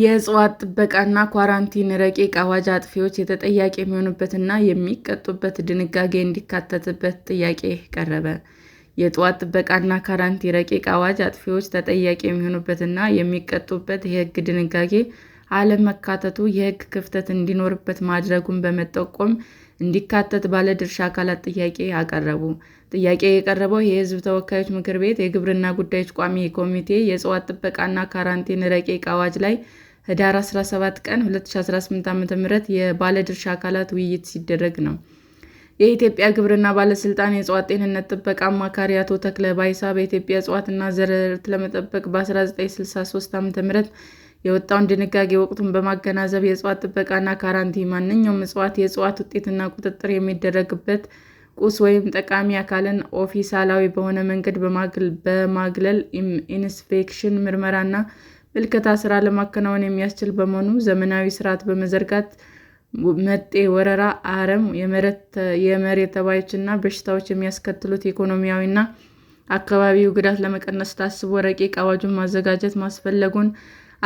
የእጽዋት ጥበቃና ኳራንቲን ረቂቅ አዋጅ አጥፊዎች ተጠያቂ የሚሆኑበትና የሚቀጡበት ድንጋጌ እንዲካተትበት ጥያቄ ቀረበ። የእጽዋት ጥበቃና ኳራንቲን ረቂቅ አዋጅ አጥፊዎች ተጠያቂ የሚሆኑበትና የሚቀጡበት የሕግ ድንጋጌ አለመካተቱ የሕግ ክፍተት እንዲኖርበት ማድረጉን በመጠቆም እንዲካተት ባለድርሻ አካላት ጥያቄ አቀረቡ። ጥያቄ የቀረበው የሕዝብ ተወካዮች ምክር ቤት የግብርና ጉዳዮች ቋሚ ኮሚቴ የእጽዋት ጥበቃና ካራንቲን ረቂቅ አዋጅ ላይ ህዳር 17 ቀን 2018 ዓ.ም የባለድርሻ አካላት ውይይት ሲደረግ ነው። የኢትዮጵያ ግብርና ባለስልጣን የእፅዋት ጤንነት ጥበቃ አማካሪ አቶ ተክለ ባይሳ በኢትዮጵያ እጽዋትና ዘር ለመጠበቅ በ1963 ዓ.ም የወጣውን ድንጋጌ ወቅቱን በማገናዘብ የእጽዋት ጥበቃና ካራንቲ ማንኛውም እጽዋት የእጽዋት ውጤትና ቁጥጥር የሚደረግበት ቁስ ወይም ጠቃሚ አካልን ኦፊሳላዊ በሆነ መንገድ በማግለል ኢንስፔክሽን፣ ምርመራና ምልከታ ስራ ለማከናወን የሚያስችል በመሆኑ ዘመናዊ ስርዓት በመዘርጋት መጤ ወረራ፣ አረም፣ የመሬት ተባዮችና በሽታዎች የሚያስከትሉት ኢኮኖሚያዊና አካባቢው ጉዳት ለመቀነስ ታስቦ ረቂቅ አዋጁን ማዘጋጀት ማስፈለጉን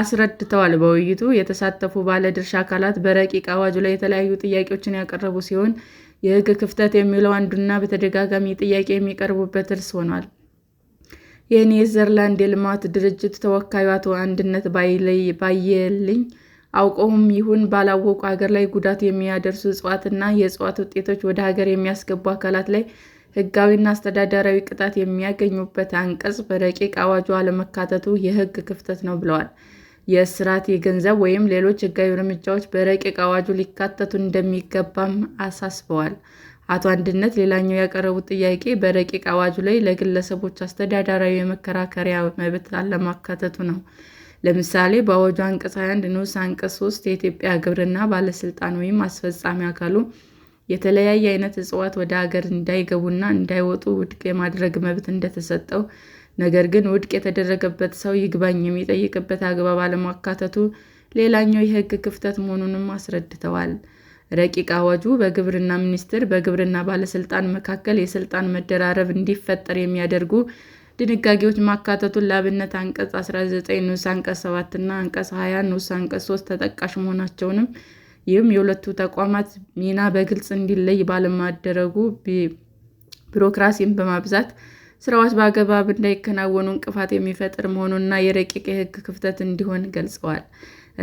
አስረድተዋል። በውይይቱ የተሳተፉ ባለድርሻ አካላት በረቂቅ አዋጁ ላይ የተለያዩ ጥያቄዎችን ያቀረቡ ሲሆን የሕግ ክፍተት የሚለው አንዱና በተደጋጋሚ ጥያቄ የሚቀርቡበት ርዕስ ሆኗል። የኔዘርላንድ የልማት ድርጅት ተወካዩ አቶ አንድነት ባየልኝ አውቀውም ይሁን ባላወቁ ሀገር ላይ ጉዳት የሚያደርሱ እፅዋትና የእጽዋት ውጤቶች ወደ ሀገር የሚያስገቡ አካላት ላይ ሕጋዊና አስተዳደራዊ ቅጣት የሚያገኙበት አንቀጽ በረቂቅ አዋጁ አለመካተቱ የሕግ ክፍተት ነው ብለዋል። የእስራት፣ የገንዘብ ወይም ሌሎች ሕጋዊ እርምጃዎች በረቂቅ አዋጁ ሊካተቱ እንደሚገባም አሳስበዋል። አቶ አንድነት ሌላኛው ያቀረቡት ጥያቄ በረቂቅ አዋጁ ላይ ለግለሰቦች አስተዳደራዊ የመከራከሪያ መብት አለማካተቱ ነው። ለምሳሌ በአዋጁ አንቀጽ 21 ንዑስ አንቀጽ 3 የኢትዮጵያ ግብርና ባለስልጣን ወይም አስፈጻሚ አካሉ የተለያየ አይነት እጽዋት ወደ ሀገር እንዳይገቡና እንዳይወጡ ውድቅ የማድረግ መብት እንደተሰጠው ነገር ግን ውድቅ የተደረገበት ሰው ይግባኝ የሚጠይቅበት አግባብ አለማካተቱ ሌላኛው የሕግ ክፍተት መሆኑንም አስረድተዋል። ረቂቅ አዋጁ በግብርና ሚኒስቴር በግብርና ባለስልጣን መካከል የስልጣን መደራረብ እንዲፈጠር የሚያደርጉ ድንጋጌዎች ማካተቱን ለአብነት አንቀጽ 19 ንዑስ አንቀጽ 7 እና አንቀጽ 20 ንዑስ አንቀጽ 3 ተጠቃሽ መሆናቸውንም ይህም የሁለቱ ተቋማት ሚና በግልጽ እንዲለይ ባለማደረጉ ቢሮክራሲን በማብዛት ስራዎች በአግባብ እንዳይከናወኑ እንቅፋት የሚፈጥር መሆኑንና የረቂቅ የሕግ ክፍተት እንዲሆን ገልጸዋል።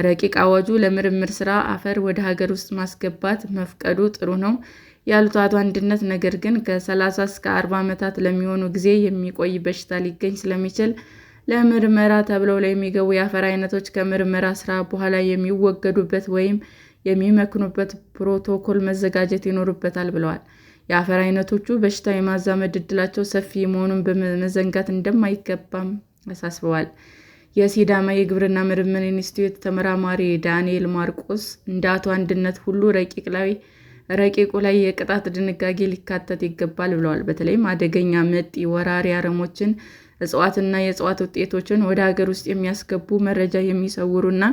ረቂቅ አዋጁ ለምርምር ስራ አፈር ወደ ሀገር ውስጥ ማስገባት መፍቀዱ ጥሩ ነው ያሉት አቶ አንድነት፣ ነገር ግን ከ30 እስከ 40 ዓመታት ለሚሆኑ ጊዜ የሚቆይ በሽታ ሊገኝ ስለሚችል ለምርመራ ተብለው ለሚገቡ የአፈር አይነቶች ከምርመራ ስራ በኋላ የሚወገዱበት ወይም የሚመክኑበት ፕሮቶኮል መዘጋጀት ይኖርበታል ብለዋል። የአፈር አይነቶቹ በሽታ የማዛመድ ዕድላቸው ሰፊ መሆኑን በመዘንጋት እንደማይገባም አሳስበዋል። የሲዳማ የግብርና ምርምር ኢንስቲትዩት ተመራማሪ ዳንኤል ማርቆስ እንደ አቶ አንድነት ሁሉ ረቂቁ ላይ የቅጣት ድንጋጌ ሊካተት ይገባል ብለዋል። በተለይም አደገኛ ምጥ ወራሪ አረሞችን፣ እጽዋትና የእጽዋት ውጤቶችን ወደ ሀገር ውስጥ የሚያስገቡ መረጃ የሚሰውሩና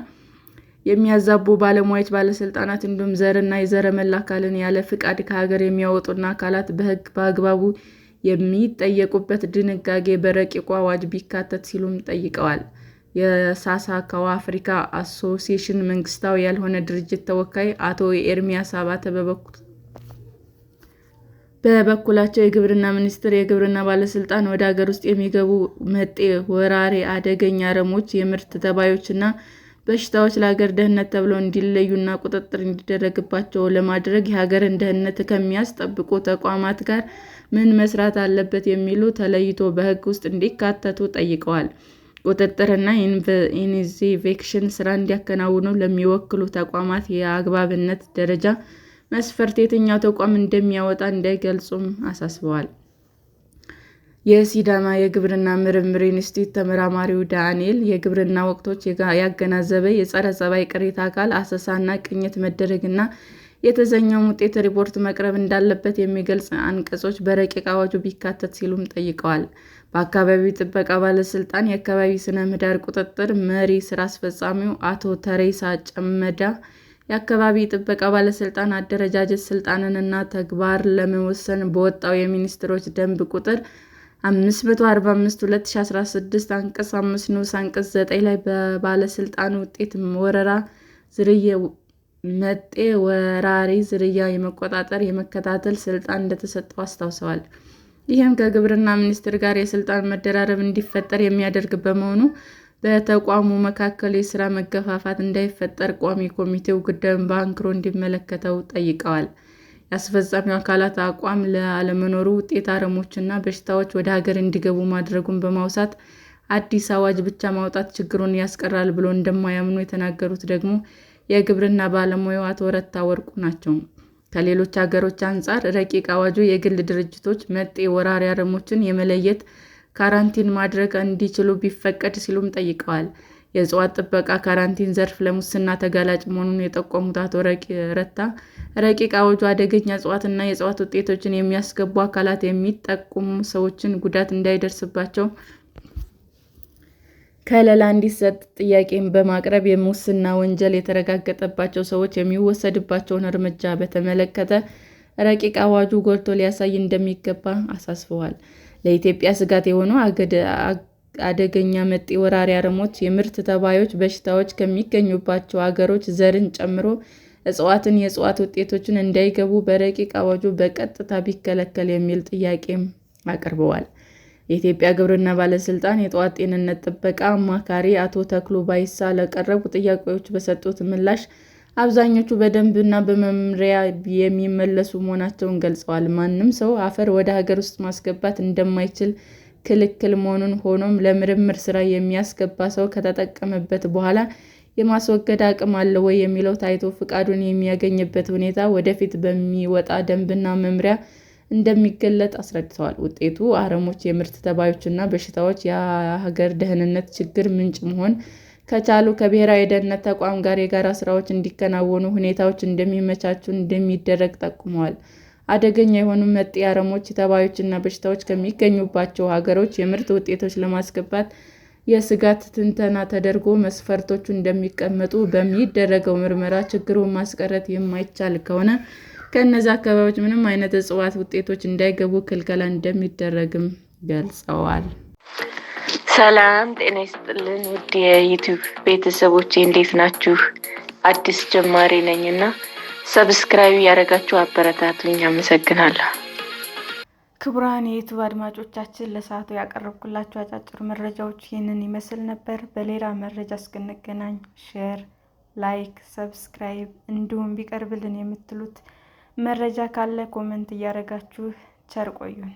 የሚያዛቡ ባለሙያዎች፣ ባለስልጣናት እንዲሁም ዘርና የዘረመል አካልን ያለ ፍቃድ ከሀገር የሚያወጡና አካላት በህግ በአግባቡ የሚጠየቁበት ድንጋጌ በረቂቁ አዋጅ ቢካተት ሲሉም ጠይቀዋል። የሳሳካዋ አፍሪካ አሶሲሽን መንግስታዊ ያልሆነ ድርጅት ተወካይ አቶ ኤርሚያስ አባተ በበኩላቸው የግብርና ሚኒስቴር የግብርና ባለስልጣን ወደ ሀገር ውስጥ የሚገቡ መጤ፣ ወራሪ፣ አደገኛ አረሞች፣ የምርት ተባዮችና በሽታዎች ለሀገር ደህንነት ተብለው እንዲለዩና ቁጥጥር እንዲደረግባቸው ለማድረግ የሀገርን ደህንነት ከሚያስጠብቁ ተቋማት ጋር ምን መስራት አለበት የሚሉ ተለይቶ በሕግ ውስጥ እንዲካተቱ ጠይቀዋል። ቁጥጥርና ኢንቬስቲጌሽን ስራ እንዲያከናውኑ ለሚወክሉ ተቋማት የአግባብነት ደረጃ መስፈርት የትኛው ተቋም እንደሚያወጣ እንዳይገልጹም አሳስበዋል። የሲዳማ የግብርና ምርምር ኢንስቲትዩት ተመራማሪው ዳንኤል የግብርና ወቅቶች ያገናዘበ የጸረ ጸባይ ቅሪተ አካል አሰሳና ቅኝት መደረግና የተገኘውን ውጤት ሪፖርት መቅረብ እንዳለበት የሚገልጽ አንቀጾች በረቂቅ አዋጁ ቢካተት ሲሉም ጠይቀዋል። በአካባቢው ጥበቃ ባለስልጣን የአካባቢ ሥነ ምህዳር ቁጥጥር መሪ ሥራ አስፈጻሚው አቶ ተሬሳ ጨመዳ የአካባቢ ጥበቃ ባለስልጣን አደረጃጀት ስልጣንንና ተግባር ለመወሰን በወጣው የሚኒስትሮች ደንብ ቁጥር 545 2016 አንቀጽ 5 ንዑስ አንቀጽ 9 ላይ በባለስልጣን ውጤት ወረራ ዝርያ መጤ ወራሪ ዝርያ የመቆጣጠር የመከታተል ስልጣን እንደተሰጠው አስታውሰዋል። ይህም ከግብርና ሚኒስቴር ጋር የስልጣን መደራረብ እንዲፈጠር የሚያደርግ በመሆኑ በተቋሙ መካከል የስራ መገፋፋት እንዳይፈጠር ቋሚ ኮሚቴው ጉዳዩን በአንክሮ እንዲመለከተው ጠይቀዋል። የአስፈጻሚ አካላት አቋም ለአለመኖሩ ውጤት አረሞችና በሽታዎች ወደ ሀገር እንዲገቡ ማድረጉን በማውሳት አዲስ አዋጅ ብቻ ማውጣት ችግሩን ያስቀራል ብሎ እንደማያምኑ የተናገሩት ደግሞ የግብርና ባለሙያው አቶ ወረታ ወርቁ ናቸው። ከሌሎች ሀገሮች አንጻር ረቂቅ አዋጁ የግል ድርጅቶች መጤ ወራሪ አረሞችን የመለየት ካራንቲን ማድረግ እንዲችሉ ቢፈቀድ ሲሉም ጠይቀዋል። የእጽዋት ጥበቃ ካራንቲን ዘርፍ ለሙስና ተጋላጭ መሆኑን የጠቆሙት አቶ ረታ ረቂቅ አዋጁ አደገኛ እጽዋትና የእጽዋት ውጤቶችን የሚያስገቡ አካላት የሚጠቁሙ ሰዎችን ጉዳት እንዳይደርስባቸው ከለላ እንዲሰጥ ጥያቄን በማቅረብ የሙስና ወንጀል የተረጋገጠባቸው ሰዎች የሚወሰድባቸውን እርምጃ በተመለከተ ረቂቅ አዋጁ ጎልቶ ሊያሳይ እንደሚገባ አሳስበዋል። ለኢትዮጵያ ስጋት የሆኑ አደገኛ መጤ ወራሪ አረሞች የምርት ተባዮች በሽታዎች ከሚገኙባቸው አገሮች ዘርን ጨምሮ እጽዋትን የእፅዋት ውጤቶችን እንዳይገቡ በረቂቅ አዋጁ በቀጥታ ቢከለከል የሚል ጥያቄም አቅርበዋል። የኢትዮጵያ ግብርና ባለስልጣን የጠዋት ጤንነት ጥበቃ አማካሪ አቶ ተክሉ ባይሳ ለቀረቡ ጥያቄዎች በሰጡት ምላሽ አብዛኞቹ በደንብና በመምሪያ የሚመለሱ መሆናቸውን ገልጸዋል። ማንም ሰው አፈር ወደ ሀገር ውስጥ ማስገባት እንደማይችል ክልክል መሆኑን ሆኖም ለምርምር ስራ የሚያስገባ ሰው ከተጠቀመበት በኋላ የማስወገድ አቅም አለው ወይ የሚለው ታይቶ ፍቃዱን የሚያገኝበት ሁኔታ ወደፊት በሚወጣ ደንብና መምሪያ እንደሚገለጥ አስረድተዋል። ውጤቱ አረሞች የምርት ተባዮችና በሽታዎች የሀገር ደህንነት ችግር ምንጭ መሆን ከቻሉ ከብሔራዊ የደህንነት ተቋም ጋር የጋራ ስራዎች እንዲከናወኑ ሁኔታዎች እንደሚመቻቹ እንደሚደረግ ጠቁመዋል። አደገኛ የሆኑ መጤ አረሞች፣ ተባዮችና በሽታዎች ከሚገኙባቸው ሀገሮች የምርት ውጤቶች ለማስገባት የስጋት ትንተና ተደርጎ መስፈርቶቹ እንደሚቀመጡ በሚደረገው ምርመራ ችግሩን ማስቀረት የማይቻል ከሆነ ከእነዚህ አካባቢዎች ምንም አይነት እጽዋት ውጤቶች እንዳይገቡ ክልከላ እንደሚደረግም ገልጸዋል። ሰላም ጤና ይስጥልን ውድ የዩቱብ ቤተሰቦች እንዴት ናችሁ? አዲስ ጀማሪ ነኝ እና ሰብስክራይብ ያደረጋችሁ አበረታትልኝ። አመሰግናለሁ። ክቡራን የዩቱብ አድማጮቻችን ለሰዓቱ ያቀረብኩላችሁ አጫጭር መረጃዎች ይህንን ይመስል ነበር። በሌላ መረጃ እስክንገናኝ ሼር፣ ላይክ፣ ሰብስክራይብ እንዲሁም ቢቀርብልን የምትሉት መረጃ ካለ ኮመንት እያደረጋችሁ ቸር ቆዩን።